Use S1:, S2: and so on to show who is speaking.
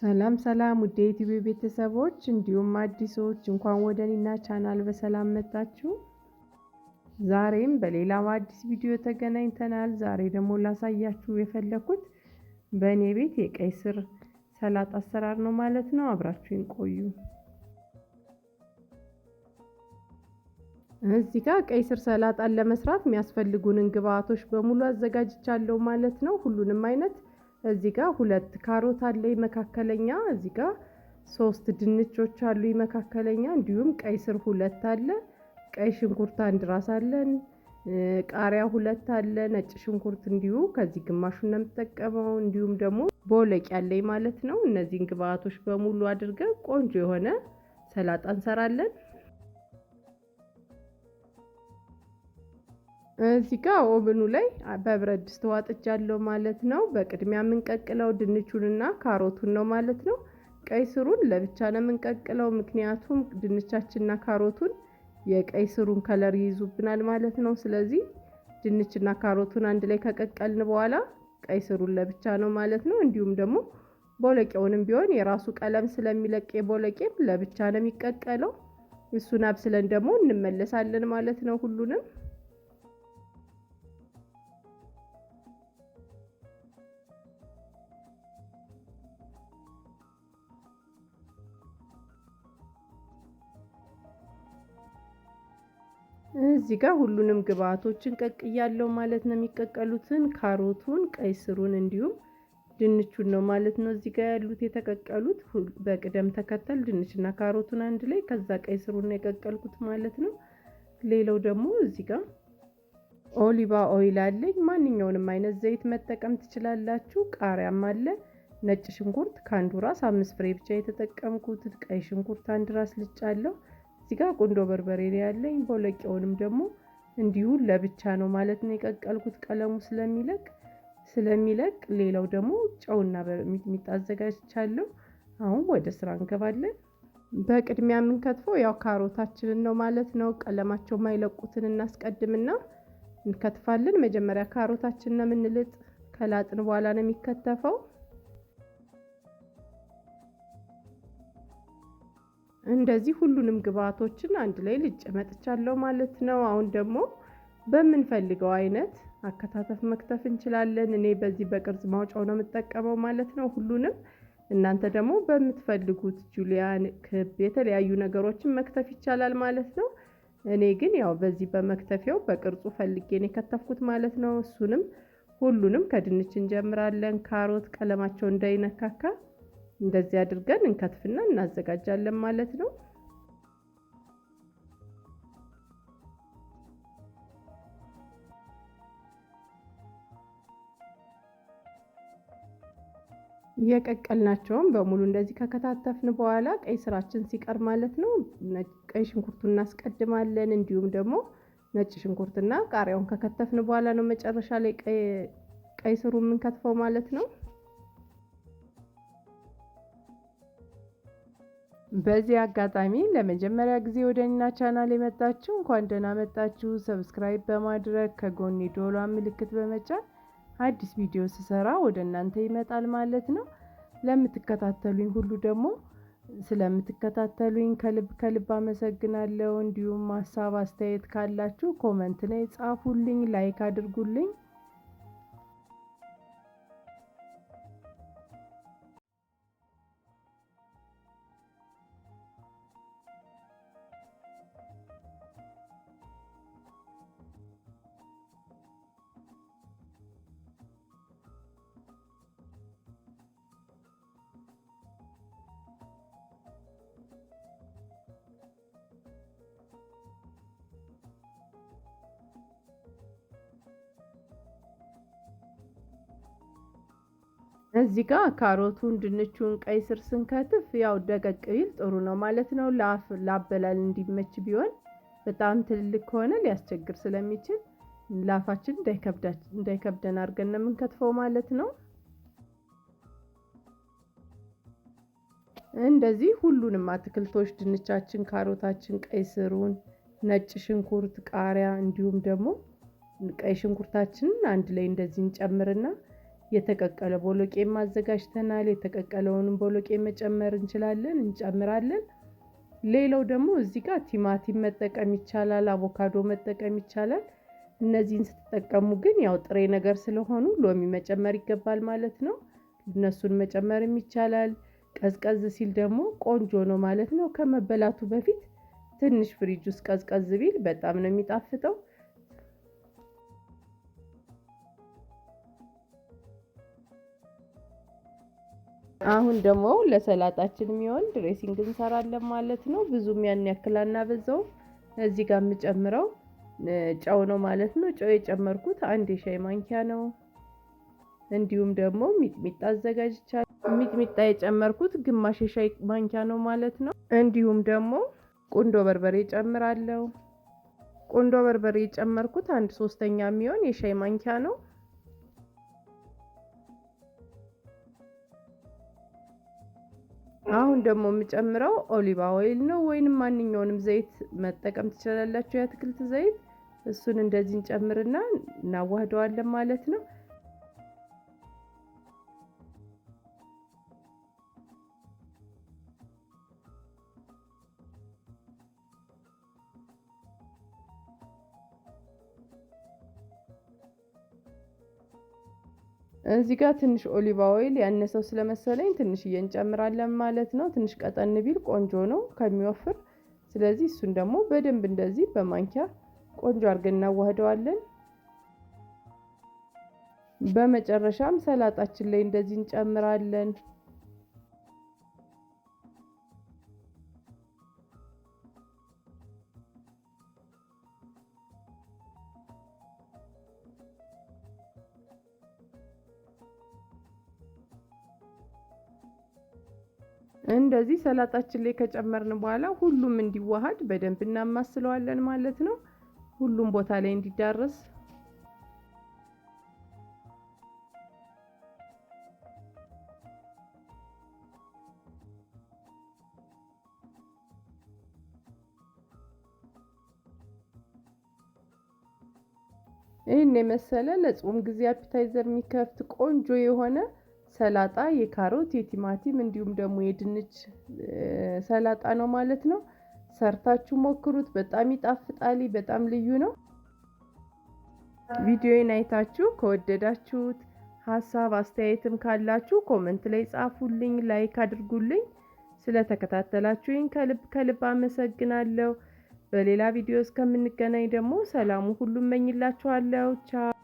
S1: ሰላም ሰላም ውድ የኢቲቪ ቤተሰቦች እንዲሁም አዲሶች እንኳን ወደ እኔና ቻናል በሰላም መጣችሁ። ዛሬም በሌላው አዲስ ቪዲዮ ተገናኝተናል። ዛሬ ደግሞ ላሳያችሁ የፈለኩት በእኔ ቤት የቀይ ስር ሰላጣ አሰራር ነው ማለት ነው። አብራችሁን ቆዩ። እዚህ ጋር ቀይ ስር ሰላጣን ለመስራት የሚያስፈልጉንን ግብአቶች በሙሉ አዘጋጅቻለሁ ማለት ነው። ሁሉንም አይነት እዚህ ጋር ሁለት ካሮት አለ መካከለኛ፣ እዚህ ጋር ሶስት ድንቾች አሉ መካከለኛ፣ እንዲሁም ቀይ ስር ሁለት አለ፣ ቀይ ሽንኩርት አንድ ራስ አለን፣ ቃሪያ ሁለት አለ፣ ነጭ ሽንኩርት እንዲሁ ከዚህ ግማሹን ነው የምጠቀመው። እንዲሁም ደግሞ ቦለቅ ያለኝ ማለት ነው። እነዚህን ግብአቶች በሙሉ አድርገን ቆንጆ የሆነ ሰላጣ እንሰራለን። እዚህ ጋ ኦብኑ ላይ በብረት ድስት ዋጥቻለሁ ማለት ነው። በቅድሚያ የምንቀቅለው ድንቹንና ካሮቱን ነው ማለት ነው። ቀይ ስሩን ለብቻ ነው የምንቀቅለው፣ ምክንያቱም ድንቻችንና ካሮቱን የቀይ ስሩን ከለር ይይዙብናል ማለት ነው። ስለዚህ ድንችና ካሮቱን አንድ ላይ ከቀቀልን በኋላ ቀይ ስሩን ለብቻ ነው ማለት ነው። እንዲሁም ደግሞ ቦለቄውንም ቢሆን የራሱ ቀለም ስለሚለቅ ቦለቄም ለብቻ ነው የሚቀቀለው። እሱን አብስለን ደግሞ እንመለሳለን ማለት ነው ሁሉንም እዚህ ጋር ሁሉንም ግብአቶችን ቀቅያለው ማለት ነው። የሚቀቀሉትን ካሮቱን፣ ቀይ ስሩን እንዲሁም ድንቹን ነው ማለት ነው። እዚህ ጋር ያሉት የተቀቀሉት በቅደም ተከተል ድንችና ካሮቱን አንድ ላይ ከዛ ቀይ ስሩን ነው የቀቀልኩት ማለት ነው። ሌላው ደግሞ እዚህ ጋር ኦሊቫ ኦይል አለኝ። ማንኛውንም አይነት ዘይት መጠቀም ትችላላችሁ። ቃሪያም አለ። ነጭ ሽንኩርት ከአንዱ ራስ አምስት ፍሬ ብቻ የተጠቀምኩት። ቀይ ሽንኩርት አንድ ራስ ልጫለሁ። እዚህ ጋር ቁንዶ በርበሬ ነው ያለኝ። ቦለቄውንም ደግሞ እንዲሁ ለብቻ ነው ማለት ነው የቀቀልኩት ቀለሙ ስለሚለቅ ስለሚለቅ። ሌላው ደግሞ ጨውና ሚጥሚጣ አዘጋጅቻለሁ። አሁን ወደ ስራ እንገባለን። በቅድሚያ የምንከትፈው ያው ካሮታችንን ነው ማለት ነው። ቀለማቸው ማይለቁትን እናስቀድምና እንከትፋለን። መጀመሪያ ካሮታችን ነው የምንልጥ። ከላጥን በኋላ ነው የሚከተፈው። እንደዚህ ሁሉንም ግብአቶችን አንድ ላይ ልጭ መጥቻለሁ ማለት ነው። አሁን ደግሞ በምንፈልገው አይነት አከታተፍ መክተፍ እንችላለን። እኔ በዚህ በቅርጽ ማውጫው ነው የምጠቀመው ማለት ነው ሁሉንም። እናንተ ደግሞ በምትፈልጉት ጁሊያን፣ ክብ የተለያዩ ነገሮችን መክተፍ ይቻላል ማለት ነው። እኔ ግን ያው በዚህ በመክተፊያው በቅርጹ ፈልጌ ነው የከተፍኩት ማለት ነው። እሱንም ሁሉንም ከድንች እንጀምራለን። ካሮት ቀለማቸው እንዳይነካካ እንደዚህ አድርገን እንከትፍና እናዘጋጃለን ማለት ነው። የቀቀልናቸውም በሙሉ እንደዚህ ከከታተፍን በኋላ ቀይ ስራችን ሲቀር ማለት ነው ቀይ ሽንኩርቱን እናስቀድማለን። እንዲሁም ደግሞ ነጭ ሽንኩርትና ቃሪያውን ከከተፍን በኋላ ነው መጨረሻ ላይ ቀይ ስሩ የምንከትፈው ማለት ነው። በዚህ አጋጣሚ ለመጀመሪያ ጊዜ ወደ እኛ ቻናል የመጣችሁ እንኳን ደህና መጣችሁ። ሰብስክራይብ በማድረግ ከጎኔ የዶሏን ምልክት በመጫን አዲስ ቪዲዮ ስሰራ ወደ እናንተ ይመጣል ማለት ነው። ለምትከታተሉኝ ሁሉ ደግሞ ስለምትከታተሉኝ ከልብ ከልብ አመሰግናለሁ። እንዲሁም ሀሳብ አስተያየት ካላችሁ ኮመንት ላይ ጻፉልኝ፣ ላይክ አድርጉልኝ። እዚህ ጋር ካሮቱን ድንቹን ቀይ ስር ስንከትፍ ያው ደቀቅ ይል ጥሩ ነው ማለት ነው። ላበላል እንዲመች ቢሆን በጣም ትልልቅ ከሆነ ሊያስቸግር ስለሚችል ላፋችን እንዳይከብደን አድርገን ነው የምንከትፈው ማለት ነው። እንደዚህ ሁሉንም አትክልቶች ድንቻችን፣ ካሮታችን፣ ቀይ ስሩን፣ ነጭ ሽንኩርት፣ ቃሪያ እንዲሁም ደግሞ ቀይ ሽንኩርታችንን አንድ ላይ እንደዚህ እንጨምርና የተቀቀለ ቦሎቄም አዘጋጅተናል። የተቀቀለውንም ቦሎቄ መጨመር እንችላለን እንጨምራለን። ሌላው ደግሞ እዚህ ጋር ቲማቲም መጠቀም ይቻላል፣ አቮካዶ መጠቀም ይቻላል። እነዚህን ስትጠቀሙ ግን ያው ጥሬ ነገር ስለሆኑ ሎሚ መጨመር ይገባል ማለት ነው። እነሱን መጨመርም ይቻላል። ቀዝቀዝ ሲል ደግሞ ቆንጆ ነው ማለት ነው። ከመበላቱ በፊት ትንሽ ፍሪጅ ውስጥ ቀዝቀዝ ቢል በጣም ነው የሚጣፍጠው። አሁን ደግሞ ለሰላጣችን የሚሆን ድሬሲንግ እንሰራለን ማለት ነው። ብዙም ያን ያክል አናበዛው። እዚህ ጋር የምጨምረው ጨው ነው ማለት ነው። ጨው የጨመርኩት አንድ የሻይ ማንኪያ ነው። እንዲሁም ደግሞ ሚጥሚጣ አዘጋጅቻለሁ። ሚጥሚጣ የጨመርኩት ግማሽ የሻይ ማንኪያ ነው ማለት ነው። እንዲሁም ደግሞ ቁንዶ በርበሬ ጨምራለሁ። ቁንዶ በርበሬ የጨመርኩት አንድ ሶስተኛ የሚሆን የሻይ ማንኪያ ነው። አሁን ደግሞ የምጨምረው ኦሊቫ ኦይል ነው፣ ወይንም ማንኛውንም ዘይት መጠቀም ትችላላችሁ፣ የአትክልት ዘይት። እሱን እንደዚህ እንጨምርና እናዋህደዋለን ማለት ነው። እዚህ ጋር ትንሽ ኦሊቫ ኦይል ያነሰው ስለመሰለኝ ትንሽዬ እንጨምራለን ማለት ነው። ትንሽ ቀጠን ቢል ቆንጆ ነው ከሚወፍር። ስለዚህ እሱን ደግሞ በደንብ እንደዚህ በማንኪያ ቆንጆ አድርገን እናዋህደዋለን። በመጨረሻም ሰላጣችን ላይ እንደዚህ እንጨምራለን። እንደዚህ ሰላጣችን ላይ ከጨመርን በኋላ ሁሉም እንዲዋሃድ በደንብ እናማስለዋለን ማለት ነው። ሁሉም ቦታ ላይ እንዲዳረስ ይህን የመሰለ ለጾም ጊዜ አፒታይዘር የሚከፍት ቆንጆ የሆነ ሰላጣ የካሮት የቲማቲም እንዲሁም ደግሞ የድንች ሰላጣ ነው ማለት ነው። ሰርታችሁ ሞክሩት። በጣም ይጣፍጣል። በጣም ልዩ ነው። ቪዲዮን አይታችሁ ከወደዳችሁት ሀሳብ አስተያየትም ካላችሁ ኮመንት ላይ ጻፉልኝ፣ ላይክ አድርጉልኝ። ስለተከታተላችሁኝ ከልብ ከልብ አመሰግናለሁ። በሌላ ቪዲዮ እስከምንገናኝ ደግሞ ሰላሙ ሁሉ እመኝላችኋለሁ። ቻው